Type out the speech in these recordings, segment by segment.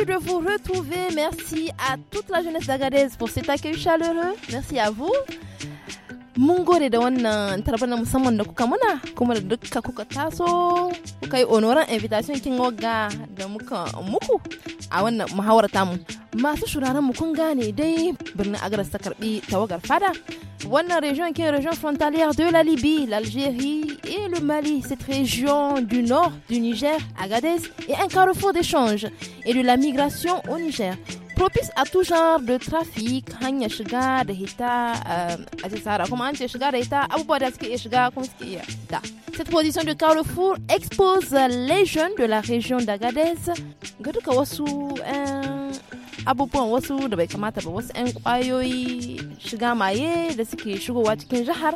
ravie de vous retrouver. Merci à toute la jeunesse d'Agadez pour cet accueil chaleureux. Merci à vous. mun gode da wannan tarba musamman da kuka muna kuma da duka kuka taso kuka onoran invitation kin wagga da muka muku a wannan muhawar tamu masu shuraren mu kun gane dai birnin agaras ta karbi tawagar fada la région est une région frontalière de la Libye, l'Algérie et le Mali. Cette région du nord du Niger, Agadez, est un carrefour d'échange et de la migration au Niger. Propice à tout genre de trafic, Cette position de carrefour expose les jeunes de la région d'Agadez abubuwan wasu da bai kamata ba wasu 'yan kwayoyi shiga maye da suke shigowa cikin jihar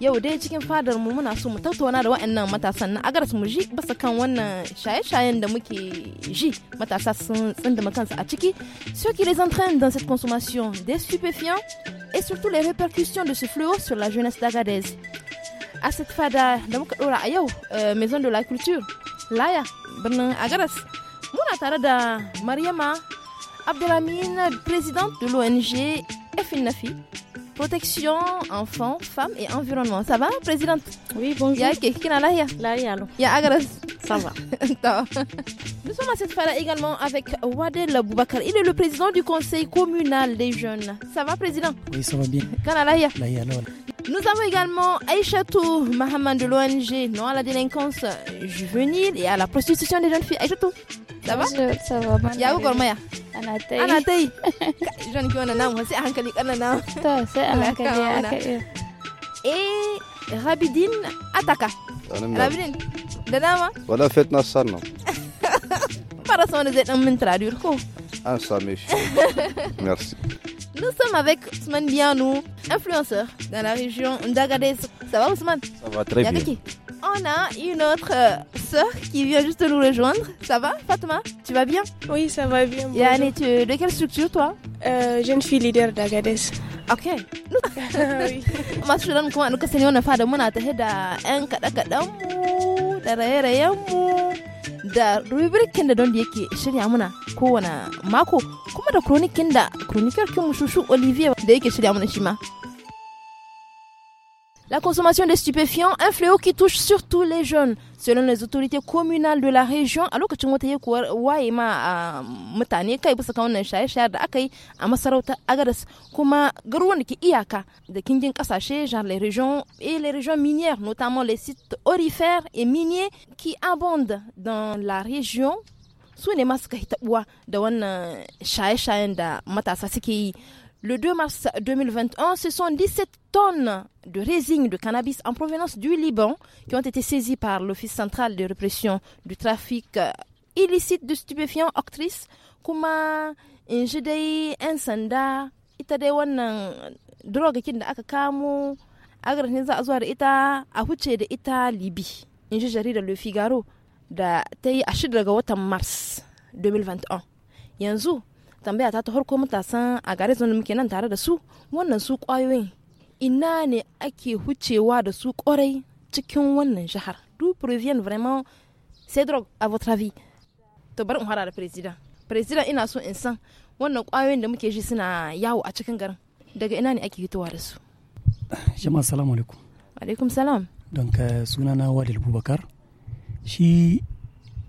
yau dai cikin fadar mu muna so mu tattauna da wa'annan matasan na agaras mu ji basa kan wannan shaye-shayen da muke ji matasa sun tsinda kansu a ciki ceux qui les entraîne dans cette consommation des stupéfiants et surtout les répercussions de ce fléau sur la jeunesse d'Agadez. À cette fada da muka dora a yau euh, maison de la culture laya birnin agaras muna tare da maryama Abdelhamine, présidente de l'ONG FNAFI, protection enfants, femmes et environnement. Ça va, présidente Oui, bonjour. Ya qui kina lahiya? Lahiya Y Ya agaras Ça va. Nous sommes à cette fois-là également avec Wadel Boubacar Il est le président du conseil communal des jeunes. Ça va, président Oui, ça va bien. Nous avons également Aïchatou Mahaman de l'ONG, non à la délinquance juvénile et à la prostitution des jeunes filles. Aïchatou, ça va Ça va. Yaou Gormaya. Anatei. Anatei. Jeune qui on a nom, c'est Ankali C'est Et Rabidine Ataka. Rabidine da dama wala fête na san para sa wani zai traduire merci Nous sommes avec Ousmane Bianou, influenceur dans la région d'Agadez. Ça va Ousmane Ça va très bien. On a une autre euh, sœur qui vient juste nous rejoindre. Ça va Fatma Tu vas bien Oui, ça va bien. Yanné, tu de quelle structure toi euh, Jeune fille leader d'Agadez. Ok. Masu ran kuma an kasance wani fada muna tahe da 'yan kaɗe-kaɗen mu raye-rayenmu da rubrikin da don da yake shirya muna kowane mako kuma da kronikin da kronikin mu shushu olivier da yake shirya muna shi ma La consommation de stupéfiants, un fléau qui touche surtout les jeunes, selon les autorités communales de la région. Alors que tu les régions et les régions minières, notamment les sites orifères et miniers qui abondent dans la région. Le 2 mars 2021, ce sont 17 tonnes de résine de cannabis en provenance du Liban qui ont été saisies par l'Office central de répression du trafic euh, illicite de stupéfiants octrice kuma in Insanda, dai 'yan sanda ita dai wannan drogakin da ita a de ita libi in ji de le figaro da ta 2 mars 2021 yanzu tambaya ta ta harko matasan a gare sun muke nan tare da su wannan su kwayoyin ina ne ake hucewa da su kwarai cikin wannan jihar du president vraiment c'est drog a votre avis to bari in fara da president president ina so in san wannan kwayoyin da muke ji suna yawo a cikin garin daga ina ne ake hitowa da su jama'a salamu alaikum alaikum salam don ka euh, sunana wadil bubakar shi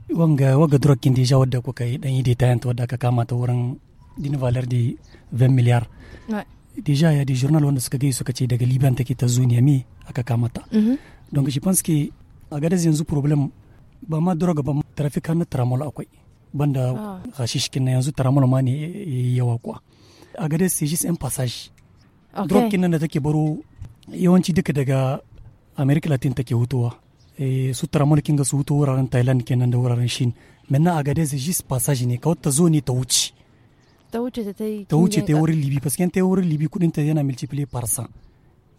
wanga waga drug kin deja wadda kuka yi dan yi yanta wadda aka kama ta wurin d'une valeur de 20 milliards ouais. déjà il y a des journaux wanda suka gai que ce daga Liban take ta zo Niamey aka kama ta mhm. donc je pense que a gadez yanzu problème ba ma droga ba traffic na tramol akwai banda ah. hashish kin yanzu tramol ma ne yawa kuwa a gadez c'est juste un passage okay. drug kin nan da take baro yawanci duka daga America Latin take hutowa eh, su tramol kin ga su huto wuraren Thailand kenan da wuraren Shin menna a gadez c'est juste passage ne kawai ta zo ne ta wuce ta wuce ta yi ta wuce ta wurin libi parce ta wurin libi kudin ta yana multiple parsa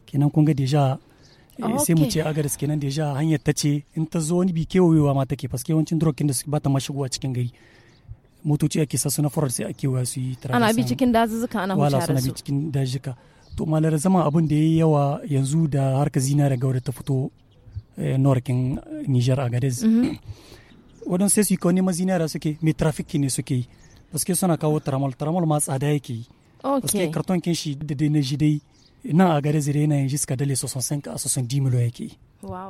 kenan kun ga deja eh, ah, sai mu ce agaris kenan deja hanyar ta ce in ta zo wani bi kewayewa ma take paske yawancin drokin da ba ta mashigowa cikin gari motoci ake sa su na farar sai ake waya su yi ana bi cikin dazuzzuka ana hucara su wala bi cikin dazuka to malar zama abin da ya yi yawa yanzu da harka zina da gaura ta fito eh, norkin eh, Niger Agadez mhm. wadansu sai su yi kawai neman zinara suke mai trafiki ne suke yi paske suna kawo taramal taramal ma tsada yake yi paske karton kin shi da dai na ji dai nan a gare zire na yanzu suka dale sosan 65 a 70 miliyan yake yi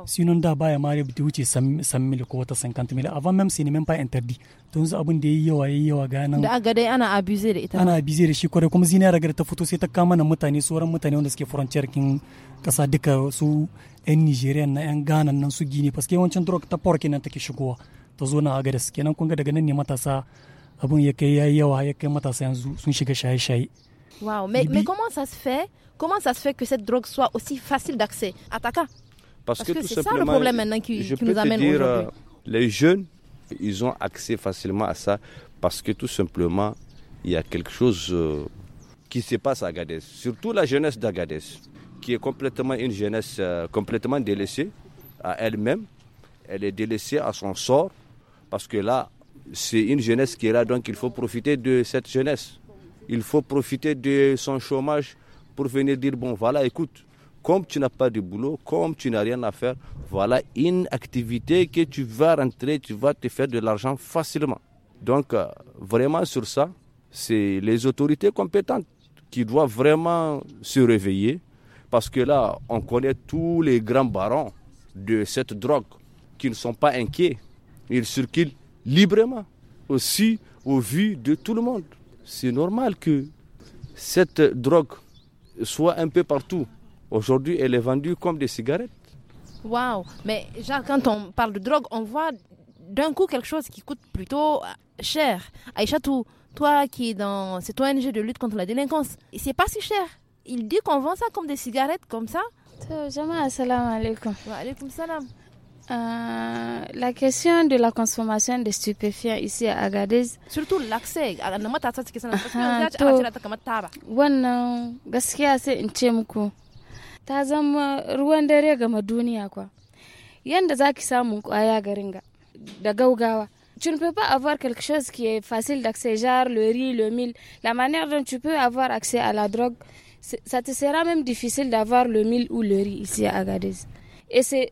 sinon da baya ma ya bude wuce san mil ko wata san kantumil a même c'est ne pas interdit to yanzu abin da ya yi yawa ya yi yawa ga nan da aga dai ana abuse da ita ana abuse da shi kwarai kuma zinariya ragar ta fito sai ta kama nan mutane sauran mutane wanda suke furanciyar kin kasa duka su yan Nigeria na yan Ghana nan su Gini paske yawancin drug ta pork nan take shigowa ta zo na aga da suke nan kun ga daga nan ne matasa wow mais, comment ça se fait comment ça se fait que cette drogue soit aussi facile d'accès à Taka parce que, c'est ça le problème maintenant qui, nous amène aujourd'hui euh, les jeunes ils ont accès facilement à ça parce que tout simplement il y a quelque chose euh, qui se passe à Agadez surtout la jeunesse d'Agadez qui est complètement une jeunesse euh, complètement délaissée à elle-même elle est délaissée à son sort parce que là c'est une jeunesse qui est là, donc il faut profiter de cette jeunesse. Il faut profiter de son chômage pour venir dire, bon, voilà, écoute, comme tu n'as pas de boulot, comme tu n'as rien à faire, voilà une activité que tu vas rentrer, tu vas te faire de l'argent facilement. Donc, euh, vraiment sur ça, c'est les autorités compétentes qui doivent vraiment se réveiller, parce que là, on connaît tous les grands barons de cette drogue qui ne sont pas inquiets. Ils circulent librement, aussi au vu de tout le monde. C'est normal que cette drogue soit un peu partout. Aujourd'hui, elle est vendue comme des cigarettes. Waouh Mais genre, quand on parle de drogue, on voit d'un coup quelque chose qui coûte plutôt cher. Aïcha, toi qui es dans cette ONG de lutte contre la délinquance, c'est pas si cher. Il dit qu'on vend ça comme des cigarettes, comme ça. Jamais, assalamu alaikum. Wa alaikum salam. Euh, la question de la consommation de stupéfiants ici à Agadez. Surtout l'accès. Wannan ah, ah, gaskiya sai in ce muku ta zama ruwan dare gama duniya kwa. Yanda za ki samu kwaya garin ga da gaugawa. Tu ne peux pas avoir quelque chose qui est facile d'accès, genre le riz, le mil. La manière dont tu peux avoir accès à la drogue, ça te sera même difficile d'avoir le mil ou le riz ici à Agadez. Et c'est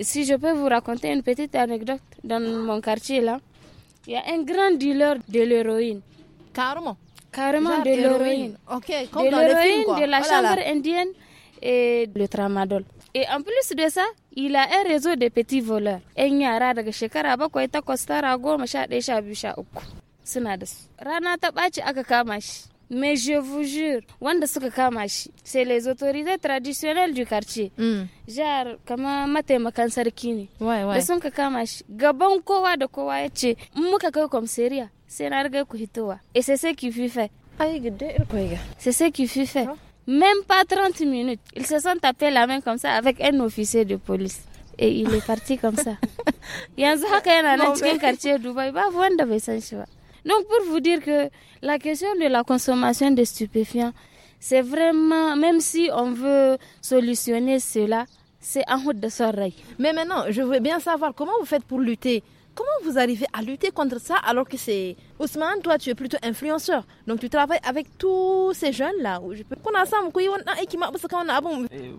Si je peux vous raconter une petite anecdote, dans mon quartier là, il y a un grand dealer de l'héroïne. Carrément. Carrément de l'héroïne. Ok, comme de dans le film, quoi. de la oh chambre indienne et le tramadol. Et en plus de ça, il a un réseau de petits voleurs. Il y En yara un shekara bakwai takwas tara Il y a un biyu sha uku suna da su. Rana ta ɓaci aka kama shi. Mais je vous jure, wanda suka kama shi, c'est les autorités traditionnelles du quartier. Mm. Matema, kama mataimakan sarki ne. Ouais, ouais. Da sun kama shi, gaban kowa da kowa ya in muka kai sai na ku Et c'est ce qui fut fait. Euh, c'est ce qui fut fait. Même pas 30 minutes, ils se sont tapés la main comme ça avec un officier de police. Et il est parti comme ça. Yanzu haka yana nan cikin quartier Dubai, babu wanda bai san shi ba. Donc pour vous dire que la question de la consommation de stupéfiants, c'est vraiment, même si on veut solutionner cela, c'est en route de soleil. Mais maintenant, je veux bien savoir comment vous faites pour lutter. Comment vous arrivez à lutter contre ça alors que c'est... Ousmane, toi, tu es plutôt influenceur. Donc, tu travailles avec tous ces jeunes-là. Eh,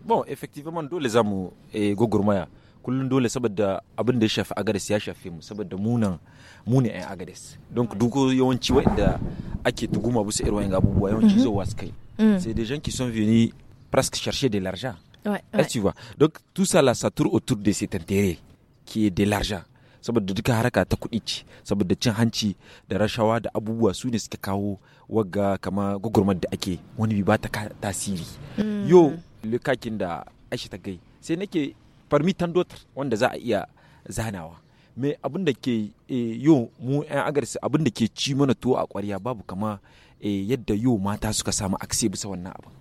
bon, effectivement, nous, les amours et eh, Gogourmaya, nous, les de chefs, chefs, mu ne 'yan agades donc duk yawanci wadda ake tuguma bisa irin wa'in abubuwa yawanci mhm. zo wasu kai mm. c'est des gens qui sont venus presque chercher de l'argent ouais, ouais. tu vois donc tout ça là ça tourne autour de cet intérêt qui est de l'argent saboda duka haraka ta kuɗi ce saboda cin hanci da rashawa da abubuwa su ne suka kawo wagga kama gwagwarmar da ake wani bi ba ta tasiri mm. yo lukakin da aisha ta gai sai nake parmi tan wanda za a iya zanawa mai abin da ke eh, yo mu 'yan agarsu abin da ke ci mana tuwo a kwarya babu kama eh, yadda yo mata suka samu akse bisa wannan abin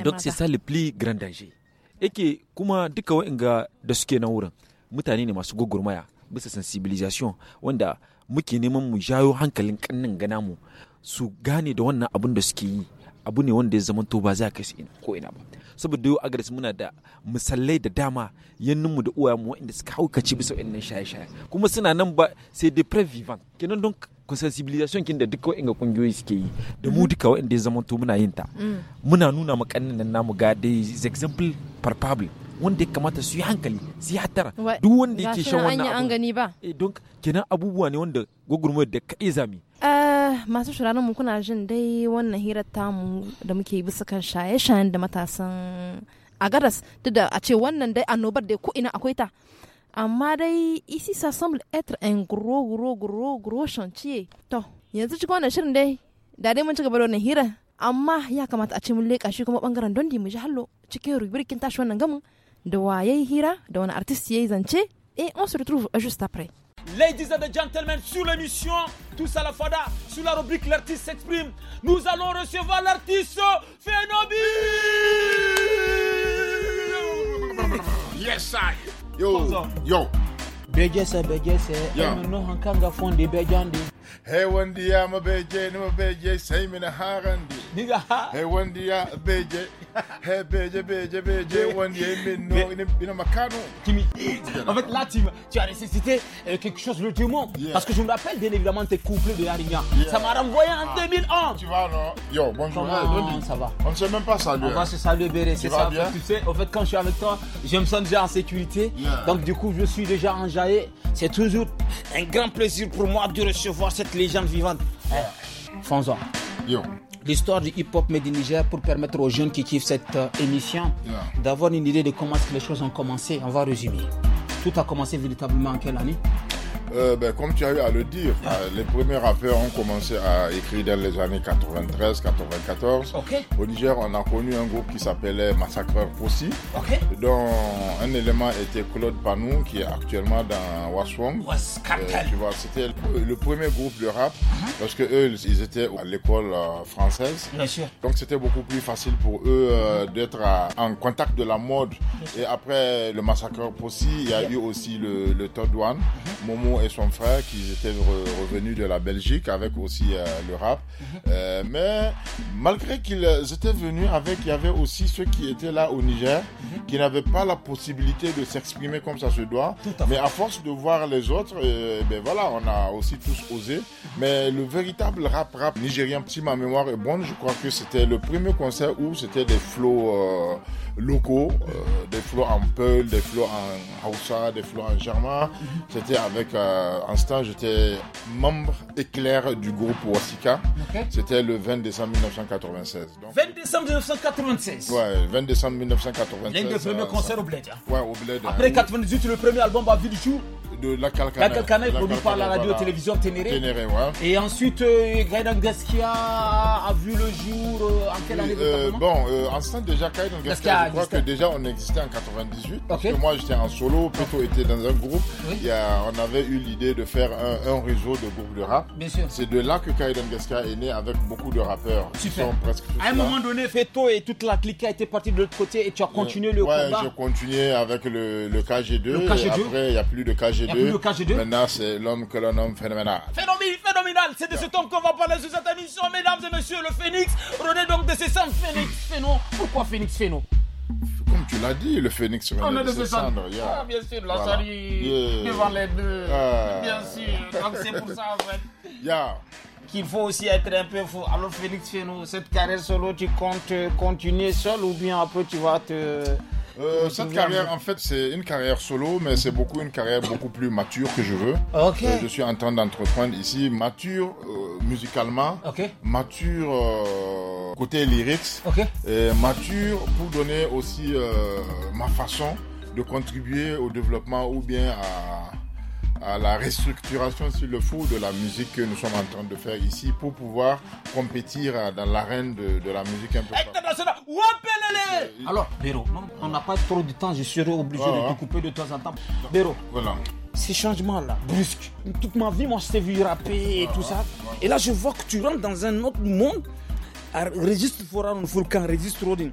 duk sai sa lipli grand danger yake kuma duka wa'inga da suke na wurin mutane ne masu gugurmaya bisa sensibilisation wanda muke neman mu jayo hankalin kannin gana mu su gane da wannan abin da suke yi abu ne wanda ya zama to ba za ka shi ko ina ba saboda yau agaris muna da misalai da dama mu da uwayenmu waɗanda suka haukace bisa waɗannan shaye-shaye kuma suna nan ba sai de previvant kenan don consensibilisation sensibilisation kin da duka waɗanda kungiyoyi suke yi da mu duka waɗanda ya zama to muna yin ta mm. muna nuna ma nan namu ga dai example palpable wanda ya kamata su yi hankali su yi hattara duk wanda yake shan wannan abu an gani ba eh, don kenan abubuwa ne wanda gwagwarmu da kai zami eh, masu shiranin mu kuna jin dai wannan hirar tamu da muke bisa kan shaye-shayen da matasan a garas duk da a ce wannan dai annobar da ko ina akwai ta amma dai isi sa semble être un gro gro gro gros chantier to yanzu cikin wannan shirin dai da dai mun ci gaba da wannan hirar amma ya kamata a ce mun leƙa shi kuma bangaren don di mu ji hallo cikin rubirkin tashi wannan gamin de waye hira artiste artiste artist et on se retrouve juste après Ladies and gentlemen, sur l'émission Tous à la Fada, sur la rubrique L'artiste s'exprime, nous allons recevoir l'artiste Phenobi! Yes, I. Yo, yo. Begese, begese, Yo. Yo hey BJ, I'm a BJ, beje harandi diga ha hey wondiya beje hey beje beje beje wondiya minno ina makano Kimi en fait là tu, tu as nécessité euh, quelque chose de tout le monde parce que je me rappelle bien évidemment tes couplets de Yarignan ça m'a renvoyé en ah. 2001 tu vas non yo bonjour Non, ça va on ne sait même pas saluer on va hein. se saluer Béré c'est ça bien? tu sais en fait quand je suis avec toi je me sens déjà en sécurité donc du coup je suis déjà enjaillé c'est toujours un grand plaisir pour moi de recevoir cette légende vivante. Fonzo. l'histoire du hip-hop made Niger pour permettre aux jeunes qui kiffent cette euh, émission d'avoir une idée de comment les choses ont commencé. On va résumer. Tout a commencé véritablement en quelle année euh, ben, comme tu as eu à le dire, euh, les premiers rappeurs ont commencé à écrire dans les années 93-94. Au Niger, on a connu un groupe qui s'appelait Massacreur Possi, dont un élément était Claude Panou, qui est actuellement dans Waswong. Euh, tu vois, c'était le premier groupe de rap, uh-huh. parce que eux, ils étaient à l'école française. Donc c'était beaucoup plus facile pour eux d'être en contact de la mode. Et après le Massacre Possi, il y a eu aussi le, Todd One, uh-huh. Momo et son frère qui étaient revenus de la Belgique avec aussi euh, le rap. Mhm. Euh, mais malgré qu'ils étaient venus avec, il y avait aussi ceux qui étaient là au Niger mhm. qui n'avaient pas la possibilité de s'exprimer comme ça se doit. mais à force de voir les autres, euh, ben voilà, on a aussi tous osé. Mais le véritable rap rap nigérien, si ma mémoire est bonne, je crois que c'était le premier concert où c'était des flots locaux, des flots en Peul, des flots en Hausa, des flots en Germain. Mhm. C'était avec en euh, en stage, j'étais membre éclair du groupe Wasika. C'était le 20 décembre 1996. 20 décembre 1996 Ouais, 20 décembre 1996. L'un des premiers euh, concerts au Bled. Hein. Ouais, au Bled. Hein. Après 98, le premier album à vie du jour de la Calcana. La est par la radio-télévision Ténéré. Et ensuite, euh, Gaskia a vu le jour à euh, en quelle année euh, Bon, euh, en ce temps, déjà, Kaidan Gaskia, je crois que déjà on existait en 98. Parce que moi, j'étais en solo, plutôt était dans un groupe. on avait eu l'idée de faire un, un, réseau de groupes de rap. Bien C'est de là que Kaidan Gaskia est né avec beaucoup de rappeurs. à un moment donné, Feto et toute la clique a été partie de l'autre côté et tu as continué le combat. Ouais, j'ai continué avec le, KG2. après, il n'y a plus de KG2. Maintenant, c'est l'homme que l'on nomme phénoménal. Phénomène, phénoménal. C'est de ce cet homme qu'on va parler sur cette émission, mesdames et messieurs. Le phénix. René donc de ses cendres. Phénix, phénom. Pourquoi phénix, phénom comme tu l'as dit, le phénix René, de ses cendres. Ah, bien sûr, la voilà. Salie, devant les deux. Ah. Bien sûr, donc c'est pour ça en fait. Qu'il faut aussi être un peu fou. Alors, Félix fais-nous cette carrière solo, tu comptes continuer seul ou bien un peu, tu vas te. Euh, cette carrière, en fait, c'est une carrière solo, mais c'est beaucoup une carrière beaucoup plus mature que je veux. Okay. Euh, je suis en train d'entreprendre ici, mature euh, musicalement, mature euh, côté lyrics, et mature pour donner aussi ma façon de contribuer au développement ou bien à à la restructuration s'il le faut de la musique que nous sommes en train de faire ici pour pouvoir compétir dans l'arène de, de, la musique un peu euh, Alors, Béro, on n'a pas trop de temps, je serai obligé de te couper de temps en temps. Béro, voilà. ces changements-là, brusques, toute ma vie, moi je t'ai vu rapper et tout ça. Et là, je vois que tu rentres dans un autre monde. Ah, registre Foran, volcan, registre Rodin.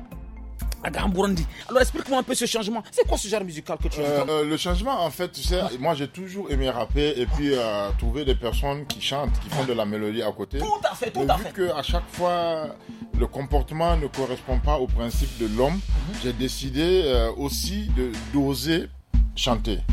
Alors explique-moi un peu ce changement. C'est quoi ce genre musical que tu fais euh, euh, Le changement, en fait, tu sais, ah. moi j'ai toujours aimé rapper et puis euh, trouver des personnes qui chantent, qui font de la mélodie à côté. Tout à fait, tout à vu fait. que à chaque fois le comportement ne correspond pas au principe de l'homme, mhm. j'ai décidé aussi de d'oser chanter. Mhm.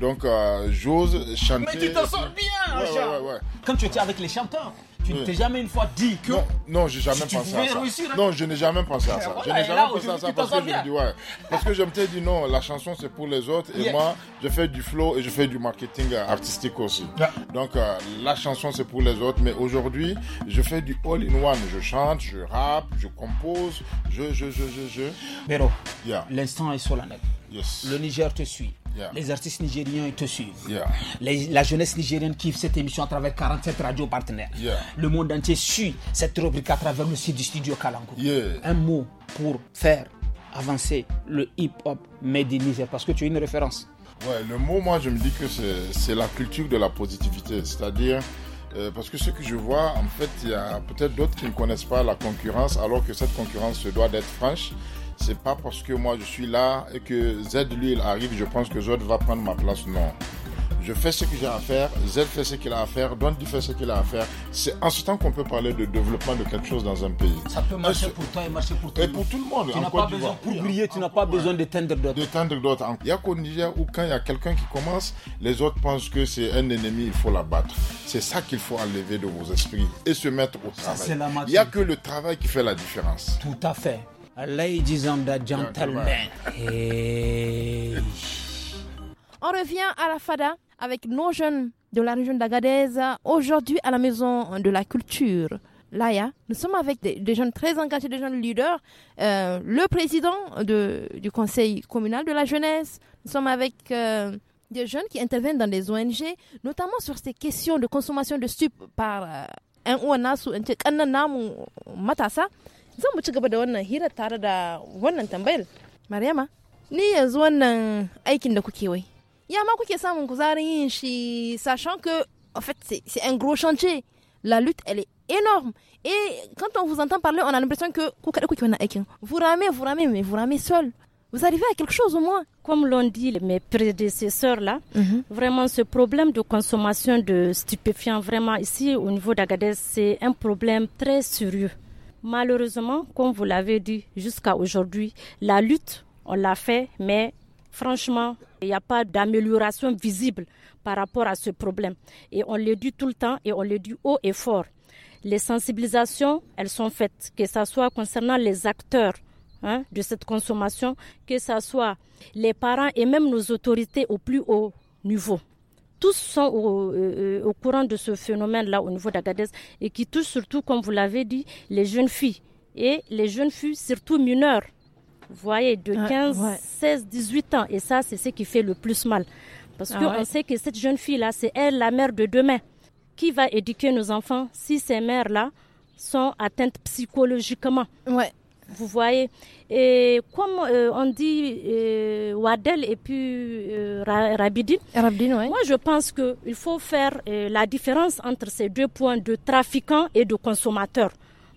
Donc j'ose chanter. Mais tu t'en sors bien, ouais, ouais, Quand tu étais avec les chanteurs tu ne hmm. t'es jamais une fois dit que. Non, non j'ai jamais pensé à ça. Hein. Non, je n'ai jamais pensé à eh, ça. je n'ai jamais pensé à ça parce que, je me dis, ouais, parce que dit non, la chanson c'est pour les autres et moi je fais du flow et je fais du marketing artistique aussi. Donc euh, la chanson c'est pour les autres, mais aujourd'hui je fais du all in one. Je chante, je rappe, je compose, je, je, je, je, je. l'instant est solennel. Yes. Le Niger te suit. Les artistes nigériens ils te suivent. la jeunesse nigérienne kiffe cette émission à travers 47 radios partenaires. Le monde entier suit cette rubrique à travers le site du studio Kalango. Un mot pour faire avancer le hip-hop made in Niger parce que tu es une référence. Ouais, le mot, moi, je me dis que c'est la culture de la positivité. C'est-à-dire, euh, parce que ce que je vois, en fait, il y a peut-être d'autres qui ne connaissent pas la concurrence, alors que cette concurrence se doit d'être franche. C'est pas parce que moi je suis là et que Z lui il arrive, je pense que Z va prendre ma place. Non. Je fais ce que j'ai à faire, Z fait ce qu'il a à faire, Dondi fait ce qu'il a à faire. C'est en ce temps qu'on peut parler de développement de quelque chose dans un pays. Ça peut marcher pour toi et marcher pour tout le monde. Et pour tout le monde. Tu n'as pas besoin, pour briller, tu n'as pas besoin de tendre d'autres. De tendre d'autres. Il y a qu'au Niger où quand il y a quelqu'un qui commence, les autres pensent que c'est un ennemi, il faut l'abattre. C'est ça qu'il faut enlever de vos esprits et se mettre au travail. il n'y a que le travail qui fait la différence. Tout à fait. On revient à la FADA avec nos jeunes de la région d'Agadeza Aujourd'hui, à la maison de la culture. Laïa, nous sommes avec des, jeunes très engagés, des jeunes leaders. Euh, le président du conseil communal de la jeunesse. Nous sommes avec euh, des jeunes qui interviennent dans des ONG, notamment sur ces questions de consommation de stupes par euh, un ou un matassa. Zo mu da wannan tare da wannan maryama ni yanzu wannan aikin da kuke ya ma kuke samun kuzarin yin shi sachant que en fait c'est un gros chantier la lutte elle est énorme et quand on vous entend parler on a l'impression que vous ramez vous ramez mais vous ramez seul vous arrivez à quelque chose au moins. Comme l'ont dit mes prédécesseurs là, mhm. vraiment ce problème de consommation de stupéfiants, vraiment ici au niveau d'Agadez, c'est un problème très sérieux. Malheureusement, comme vous l'avez dit jusqu'à aujourd'hui, la lutte, on l'a fait, mais franchement, il n'y a pas d'amélioration visible par rapport à ce problème. Et on le dit tout le temps et on le dit haut et fort. Les sensibilisations, elles sont faites, que ce soit concernant les acteurs hein, de cette consommation, que ce soit les parents et même nos autorités au plus haut niveau tous sont euh, au, courant de ce phénomène-là au niveau d'Agadez et qui touche surtout, comme vous l'avez dit, les jeunes filles. Et les jeunes filles, surtout mineures, vous voyez, de 15, 16, 18 ans. Et ça, c'est ce qui fait le plus mal. Parce ah que qu'on sait que cette jeune fille-là, c'est elle la mère de demain. Qui va éduquer nos enfants si ces mères-là sont atteintes psychologiquement. Vous voyez Et comme euh, on dit euh, Wadel et puis euh, Rabidine, moi je pense qu'il faut faire euh, la différence entre ces deux points de trafiquant et de consommateur.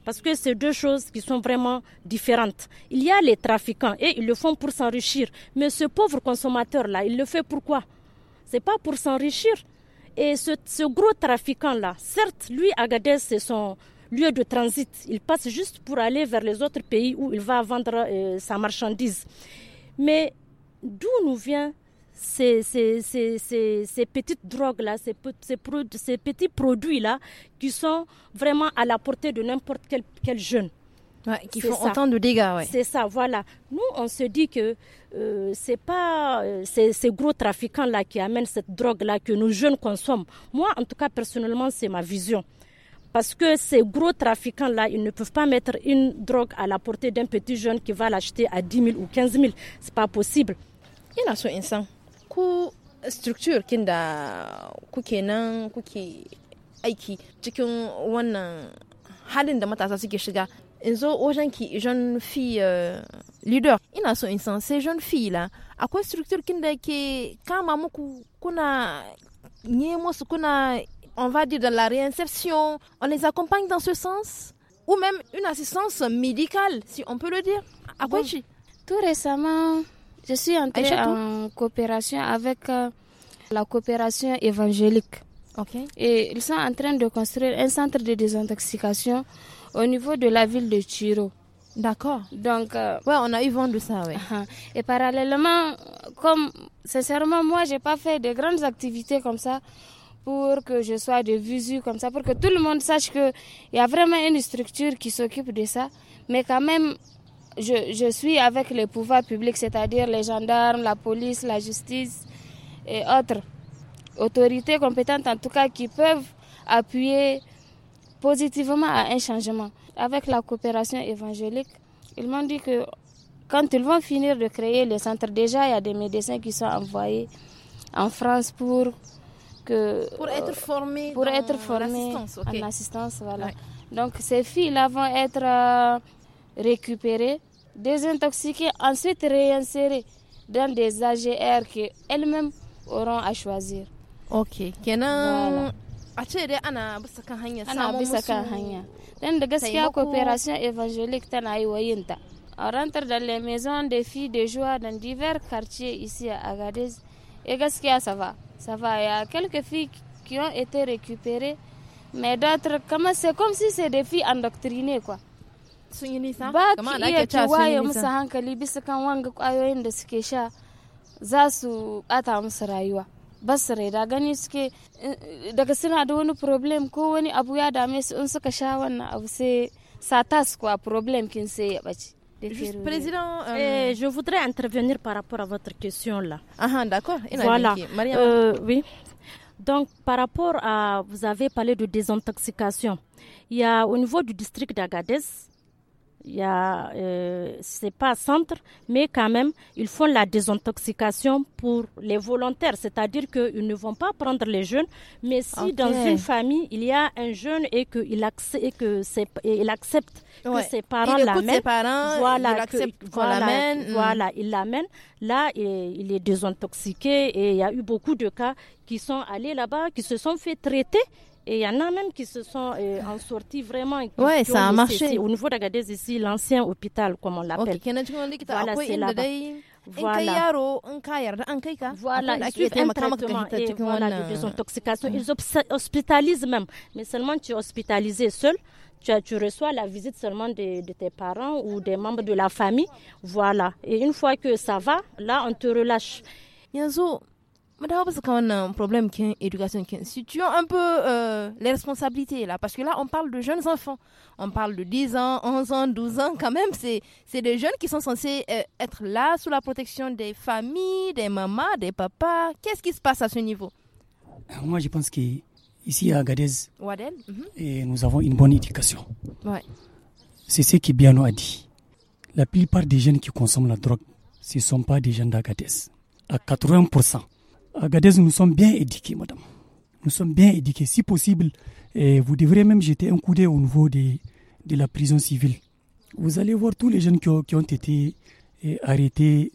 Parce que c'est deux choses qui sont vraiment différentes. Il y a les trafiquants et ils le font pour s'enrichir. Mais ce pauvre consommateur-là, il le fait pourquoi C'est pas pour s'enrichir. Et ce, ce gros trafiquant-là, certes, lui, Agadez, c'est son, lieu de transit. Il passe juste pour aller vers les autres pays où il va vendre euh, sa marchandise. Mais d'où nous vient ces, petites drogues-là, ces, petits produits-là qui sont vraiment à la portée de n'importe quel, jeune. qui font autant de dégâts, C'est ça, voilà. Nous, on se dit que euh, c'est pas euh, ces, gros trafiquants-là qui amènent cette drogue-là que nos jeunes consomment. Moi, en tout cas, personnellement, c'est ma vision. Parce que ces gros trafiquants-là, ils ne peuvent pas mettre une drogue à la portée d'un petit jeune qui va l'acheter à 10 000 ou 15 000. Ce n'est pas possible. yana so in san ku structure qui da kuke qui kuke aiki cikin wannan halin da matasa suke shiga est zo wajen ki jeune fille euh, leader ina so in san sai jeune fille la akwai structure qui est... ke kama est kuna nemo su kuna on va dire, de la réinsertion. On les accompagne dans ce sens Ou même une assistance médicale, si on peut le dire Tout récemment, je suis entrée en coopération avec euh, la coopération évangélique. Et ils sont en train de construire un centre de désintoxication au niveau de la ville de Chiro. D'accord. Donc. Euh, ouais, on a eu vent de ça, oui. Et parallèlement, comme sincèrement, moi, j'ai pas fait de grandes activités comme ça pour que je sois de visu comme ça, pour que tout le monde sache qu'il y a vraiment une structure qui s'occupe de ça. Mais quand même, je, je suis avec les pouvoirs publics, c'est-à-dire les gendarmes, la police, la justice et autres autorités compétentes, en tout cas, qui peuvent appuyer positivement à un changement. Avec la coopération évangélique, ils m'ont dit que quand ils vont finir de créer le centre, déjà, il y a des médecins qui sont envoyés en France pour pour être euh, formé pour être formé assistance, okay. en assistance voilà donc ces filles là vont être euh, récupérées désintoxiquées ensuite réinsérées dans des AGR que elles-mêmes auront à choisir ok kenan a ce ana bisa kan hanya ana bisa kan hanya dan da gaskiya coopération évangélique tana yi wa yinta On rentre dans les maisons des filles de joie dans divers quartiers ici à Agadez. Et qu'est-ce ça va ça va. Il y a quelques filles qui ont été récupérées, mais d'autres, c'est comme si c'est des filles endoctrinées, quoi. ba ki iya ki waye musu hankali bisa kan wanga kwayoyin da suke sha za su bata musu rayuwa ba su gani suke daga suna da wani problem ko wani abu ya dame su in suka sha wannan abu sai satas kuwa problem kin sai ya ɓace président, euh, eh, je voudrais intervenir par rapport à votre question là. Ah, ah d'accord. Voilà. Euh, oui. Donc, par rapport à, vous avez parlé de désintoxication. Il y a au niveau du district d'Agadez, il y a, euh, c'est pas centre, mais quand même, ils font la désintoxication pour les volontaires. C'est-à-dire qu'ils ne vont pas prendre les jeunes, mais si dans une famille, il y a un jeune et qu'il accepte, que c'est il accepte que ses parents l'amènent, voilà, il voilà, hmm. voilà, il l'amène, là, il est désintoxiqué et il y a eu beaucoup de cas qui sont allés là-bas, qui se sont fait traiter et il y en a même qui se sont euh, en sortis vraiment. Oui, ouais, ça a marché. au niveau d'Agadez, ici, l'ancien hôpital, comme on l'appelle. Voilà, c'est là-bas. Voilà. Voilà, ils un traitement voilà, de Ils hospitalisent même. Mais seulement tu es hospitalisé seul. Tu, tu, reçois la visite seulement de, de, tes parents ou des membres de la famille. Voilà. Et une fois que ça va, là, on te relâche c'est qu'on a un problème d'éducation éducation qu'un un peu euh, les responsabilités là parce que là on parle de jeunes enfants on parle de 10 ans 11 ans 12 ans quand même c'est des jeunes qui sont censés euh, être là sous la protection des familles des mamans des papas qu'est-ce qui se passe à ce niveau euh, moi je pense qu'ici à Agadez mm-hmm. et nous avons une bonne éducation c'est ce que Biano a dit la plupart des jeunes qui consomment la drogue ce ne sont pas des jeunes d'Agadez à 80% à euh, nous sommes bien éduqués, madame. Nous sommes bien éduqués. Si possible, eh, vous devrez même jeter un coup d'œil au niveau de, de la prison civile. Vous allez voir tous les jeunes qui ont, qui ont été eh, arrêtés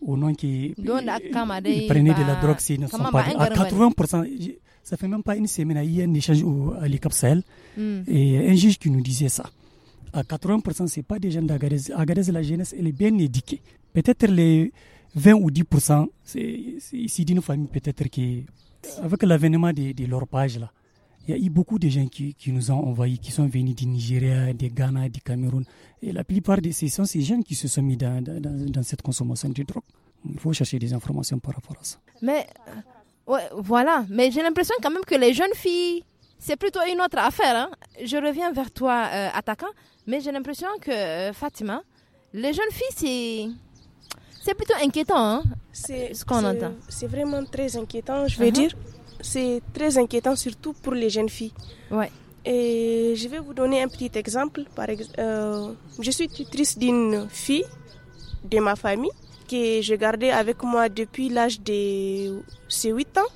au nom qui eh, prenaient de bah, la drogue, ne sont pas bah, à 80%. Ça fait même pas une semaine, il y a un échange à capsules hmm. et un juge qui nous disait ça. À 80%, ce pas des jeunes d'Agadez. Agadez, la jeunesse, elle est bien éduquée. Peut-être les, 20 ou 10%, c'est ici d'une famille peut-être qui, avec l'avènement de, leur page, là, il y a eu beaucoup de gens qui, nous ont envoyés, qui sont venus du Nigeria, du Ghana, du Cameroun. Et la plupart de ces sont ces jeunes qui se sont mis dans, cette consommation de drogue. Il faut chercher des informations par rapport à ça. Mais ouais, voilà, mais j'ai l'impression quand même que les jeunes filles, c'est plutôt une autre affaire. Hein. Je reviens vers toi, euh, attaquant, mais j'ai l'impression que euh, Fatima, les jeunes filles, c'est c'est plutôt inquiétant, hein, ce qu'on entend. C'est vraiment très inquiétant, je veux uh-huh. dire. C'est très inquiétant, surtout pour les jeunes filles. Ouais. Et je vais vous donner un petit exemple. Par exemple, euh, je suis tutrice d'une fille de ma famille que je gardais avec moi depuis l'âge de ses 8 ans.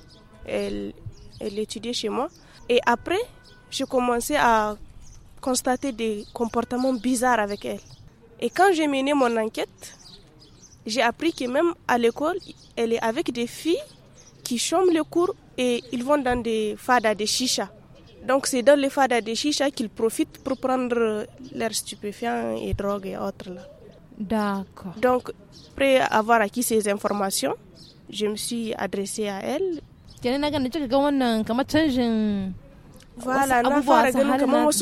Elle, elle étudiait chez moi. Et après, je commençais à constater des comportements bizarres avec elle. Et quand j'ai mené mon enquête, j'ai appris que même à l'école, elle est avec des filles qui chôment le cours et ils vont dans des fadas de chicha. Donc c'est dans les fadas de chicha qu'ils profitent pour prendre euh, leurs stupéfiants et drogues et autres. D'accord. Donc, après avoir acquis ces informations, je me suis adressée à elle. Voilà, na fara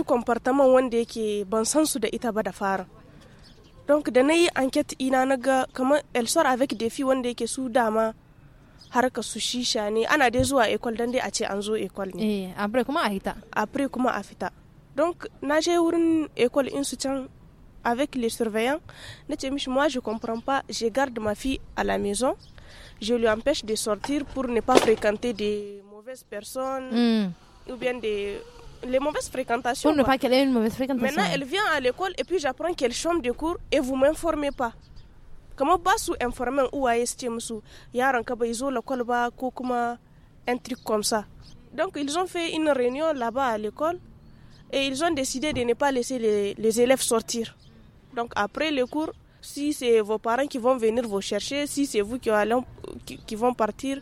comportement qui yake ban san su da donc dans na yi enquête ina na ga elle sort avec filles wanda yake su dama ka su shisha ne ana dai zuwa école dan dai a ce an zo ne eh après kuma a fita après comment a fita donc na je wurin école, in su avec les surveillants moi je comprends pas je garde ma fille à la maison je lui empêche de sortir pour ne pas fréquenter des mauvaises personnes hmm. ou bien des les mauvaises fréquentations. ne pas qu'elle ait une mauvaise fréquentation. Maintenant, elle vient à l'école et puis j'apprends qu'elle chambre de cours et vous m'informez pas. Comment pas sous informer ou à Yaran Kabaizo, l'école va bah, un truc comme ça. Donc, ils ont fait une réunion là-bas à l'école et ils ont décidé de ne pas laisser les, les élèves sortir. Donc, après le cours, si c'est vos parents qui vont venir vous chercher, si c'est vous qui, allons qui, qui vont partir,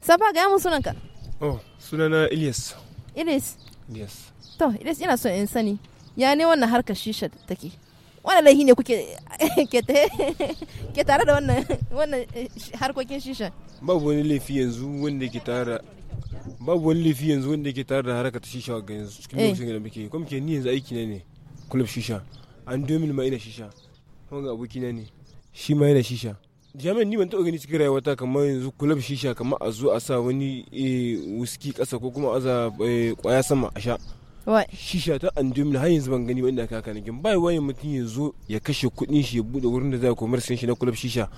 Safa ga mun sunanka. Oh, sunana Ilyas. Ilyas. Yes. To, Ilyas ina son in sani. Ya ne wannan harkar shisha take? Wannan laihi ne kuke ke tare da wannan wannan eh, harkokin shisha? Babu wani laifi yanzu wanda ke tare babu wani laifi yanzu wanda ke tare da harkar shisha ga yanzu cikin eh. lokacin da muke kuma ke ni yanzu aiki ne club shisha an domin ma ina shisha ga abokina ne shi ma yana shisha jami'an ni ban taɓa gani cikin rayuwata kamar yanzu kulab shisha kamar a zo a sa wani eh, wuski ƙasa ko kuma a za eh, ƙwaya sama a sha shisha ta andumina har yanzu ban gani wanda aka kanakin bai wani mutum ya zo ya kashe kuɗin shi ya buɗe wurin da za a komar shi na kulab shisha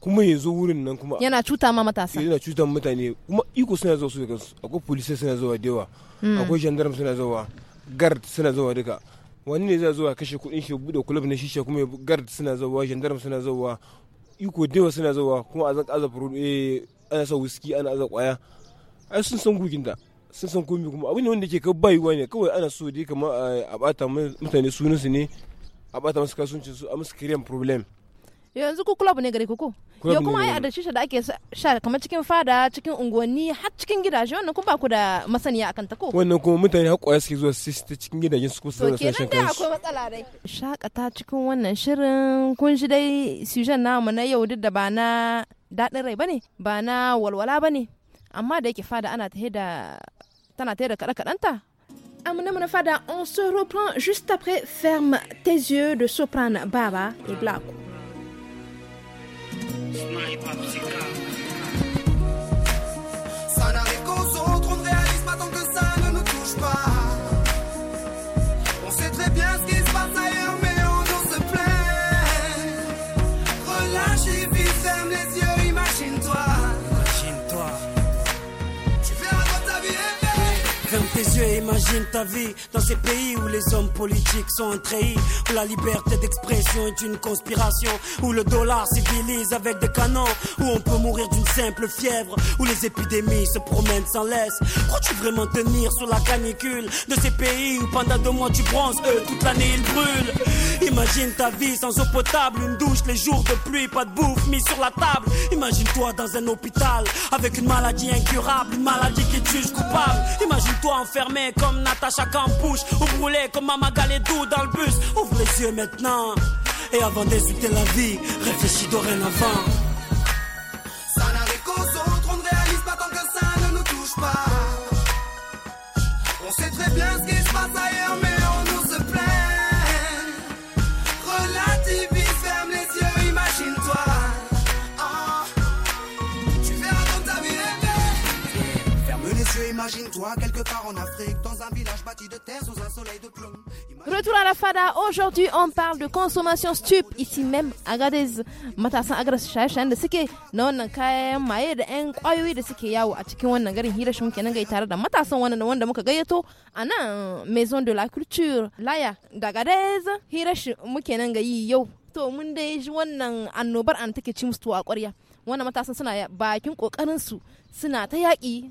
kuma ya zo wurin nan kuma yana cuta ma matasa yana cuta mutane kuma iko suna zuwa su da kansu akwai polisai suna zuwa da yawa hmm. akwai gendarme suna zuwa guard suna zuwa duka wani ne zai zuwa kashe kuɗin shi buɗe kulab na shisha kuma guard suna zuwa gendarme suna zuwa iko dewa suna zawa kuma a zaka eh ana sa whisky ana aza kwaya ai sun san gugin da sun san komi kuma abu ne wanda ke ka bai ne kawai ana so dai kamar eh, a bata mutane sunansu ne a bata masu kasuwancin su a musu problem yanzu ku club ne gare ku ko yo kuma ai adashi da ake sha kamar cikin fada cikin unguwanni har cikin gidaje wannan kun ba ku da masaniya akan ta ko wannan kuma mutane har kwaya suke zuwa su cikin gidajen su kusa da sashen kansu akwai matsala dai shakata cikin wannan shirin kun ji dai sujan namu na yau duk da ba na daɗin rai bane ba na walwala bane amma da yake fada ana tahe da tana tahe da kaɗe kaɗanta Amna fada on se reprend juste après. Ferme tes yeux de soprano Baba et blaco Sniper, psicado. yeux imagine ta vie dans ces pays où les hommes politiques sont trahis, où la liberté d'expression est une conspiration, où le dollar civilise avec des canons, où on peut mourir d'une simple fièvre, où les épidémies se promènent sans laisse. Crois-tu vraiment tenir sur la canicule de ces pays où pendant deux mois tu bronzes, eux toute l'année ils brûlent Imagine ta vie sans eau potable, une douche les jours de pluie, pas de bouffe mis sur la table. Imagine-toi dans un hôpital avec une maladie incurable, une maladie qui tue coupable. Imagine-toi en fermé comme Natacha Campouche ou brûlé comme Mama doux dans le bus. Ouvre les yeux maintenant et avant d'exister la vie, réfléchis dorénavant. Imagine-toi quelque part en Afrique, dans un village bâti de terre sous un soleil de plomb. Imagine... Retour à la Fada, aujourd'hui on parle de consommation stup, ici même à Gadez. Matasan agras shashan da suke na wannan kayan maye da yan kwayoyi da suke yawo a cikin wannan garin Hiroshima kenan gai tare da matasan wannan wanda muka gayyato anan Maison de la Culture Laya da Gadez Hiroshima muke nan gayi yau. To mun dai ji wannan annobar an take ci musu a ƙwarya. Wannan matasan suna bakin ƙoƙarinsu suna ta yaki,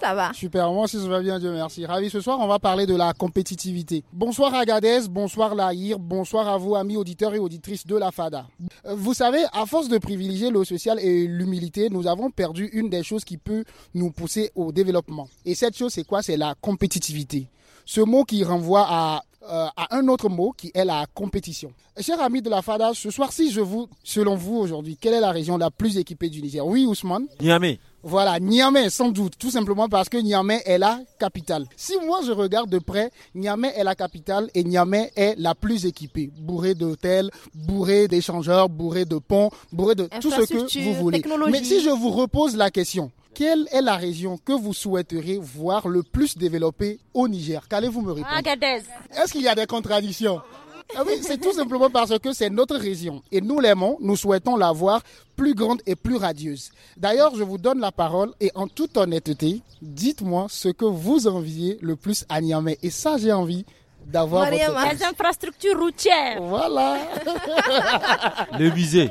Ça va. Super, moi aussi ça va bien, Dieu merci. Ravi, ce soir on va parler de la compétitivité. Bonsoir Agadez, bonsoir Lahir, bonsoir à vous amis auditeurs et auditrices de la FADA. Euh, vous savez, à force de privilégier l'eau social et l'humilité, nous avons perdu une des choses qui peut nous pousser au développement. Et cette chose c'est quoi C'est la compétitivité. Ce mot qui renvoie à euh, à un autre mot qui est la compétition. Chers amis de la FADA, ce soir-ci, je vous, selon vous aujourd'hui, quelle est la région la plus équipée du Niger Oui, Ousmane Niamey. Voilà, Niamey, sans doute, tout simplement parce que Niamey est la capitale. Si moi je regarde de près, Niamey est la capitale et Niamey est la plus équipée, bourrée d'hôtels, bourrée d'échangeurs, bourrée de ponts, bourrée de tout ce que vous voulez. Mais si je vous repose la question, quelle est la région que vous souhaiteriez voir le plus développée au Niger Qu'allez-vous me répondre Est-ce qu'il y a des contradictions ah c'est tout simplement parce que c'est notre région et nous l'aimons, nous souhaitons la voir plus grande et plus radieuse. D'ailleurs, je vous donne la parole et en toute honnêteté, dites-moi ce que vous enviez le plus à Niamey. Et ça, j'ai envie d'avoir hein. les infrastructures routières. Voilà. le viser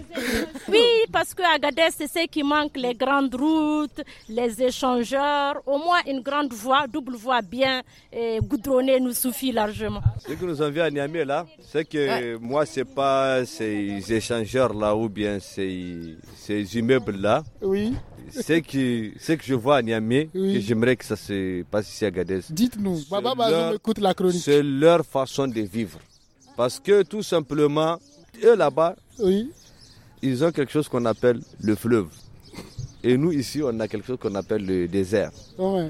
Oui, parce que Agadez, c'est ce qui manque les grandes routes, les échangeurs, au moins une grande voie, double voie bien eh, goudronnée nous suffit largement. Ce que nous avons à Niamey là, c'est que moi c'est pas ces échangeurs là ou bien ces, ces immeubles là. Oui. C'est que, que je vois à Niamey, j'aimerais que ça se passe ici à Agadez. Dites-nous, Baba écoute la chronique façon de vivre. Parce que tout simplement, eux là-bas, oui. ils ont quelque chose qu'on appelle le fleuve. Et nous ici, on a quelque chose qu'on appelle le désert. Ah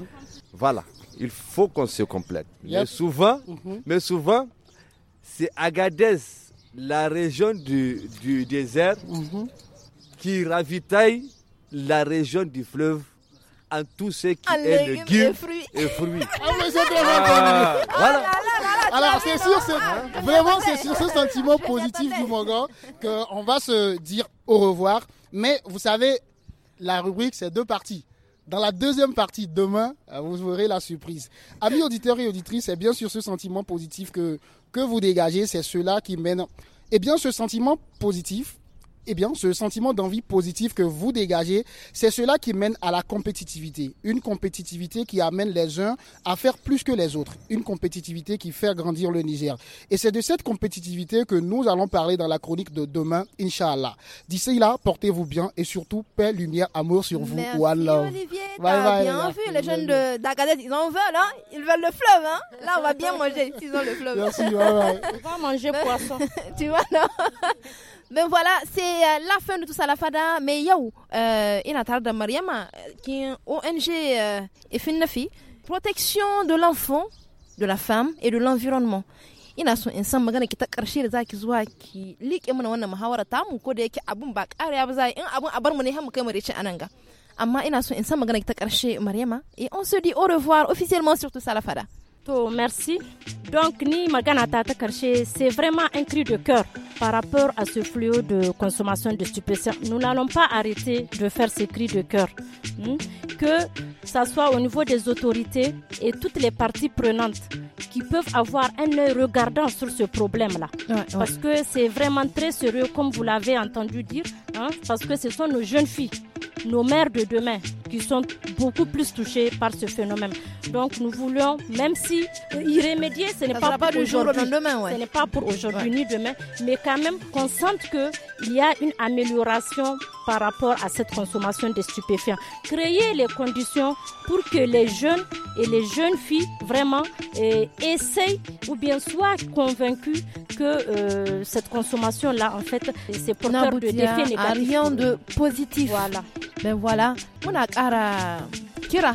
voilà, il faut qu'on se complète. Mais souvent, mhm. mais souvent, c'est Agadez, la région du, désert, mhm. qui ravitaille la région du fleuve en tout ah, ah, hein. ce qui est le guide et fruits. Alors c'est sûr, c'est vraiment c'est sur ce sentiment positif du que qu'on va se dire au revoir. Mais vous savez, la rubrique c'est deux parties. Dans la deuxième partie, demain, euh, vous aurez la surprise. Amis auditeurs et auditrices, c'est bien sûr ce sentiment positif que, que vous dégagez. C'est cela qui mène. Eh bien, ce sentiment positif, eh bien, ce sentiment d'envie positive que vous dégagez, c'est cela qui mène à la compétitivité. Une compétitivité qui amène les uns à faire plus que les autres. Une compétitivité qui fait grandir le Niger. Et c'est de cette compétitivité que nous allons parler dans la chronique de demain, Inch'Allah. D'ici là, portez-vous bien et surtout, paix, lumière, amour sur vous. Merci voilà. Olivier, bye bien vu. Les jeunes d'Agadez, ils en veulent, hein Ils veulent le fleuve, hein Là, on va bien manger. Ils ont le fleuve. Merci, On va manger poisson. tu vois, non ben voilà, c'est euh, la fin de tout ça, la fada. Mais yo, euh, il a Mariama, euh, qui ONG euh, et Finnafi, protection de l'enfant, de la femme et de l'environnement. ina so in san magana ki ta karshe da zaki zuwa ki liƙe mana wannan muhawara tamu ko da yake abun ba ƙarya ba zai in abun a bar mu ne har mu kai mu anan ga amma ina so in san magana ki ta karshe Maryama et on se dit au revoir officiellement sur tout ça la fada merci. Donc, ni magana tata c'est vraiment un cri de cœur par rapport à ce fléau de consommation de stupéfiants. Nous n'allons pas arrêter de faire ce cri de cœur. Hmm? Que ce soit au niveau des autorités et toutes les parties prenantes qui peuvent avoir un œil regardant sur ce problème-là. Parce que c'est vraiment très sérieux, comme vous l'avez entendu dire, hein, parce que ce sont nos jeunes filles nos mères de demain qui sont beaucoup plus touchées par ce phénomène. Donc nous voulons, même si y euh, remédier, ce n'est pas, pour aujourd'hui, ce n'est pas pour aujourd'hui ni demain, mais quand même qu'on sente qu'il y a une amélioration par rapport à cette consommation de stupéfiants. Créer les conditions pour que les jeunes et les jeunes filles vraiment eh, essayent ou bien soient convaincus que euh, cette consommation-là, en fait, c'est porteur de défis négatifs. rien de positif. Voilà. Ben voilà. On a kira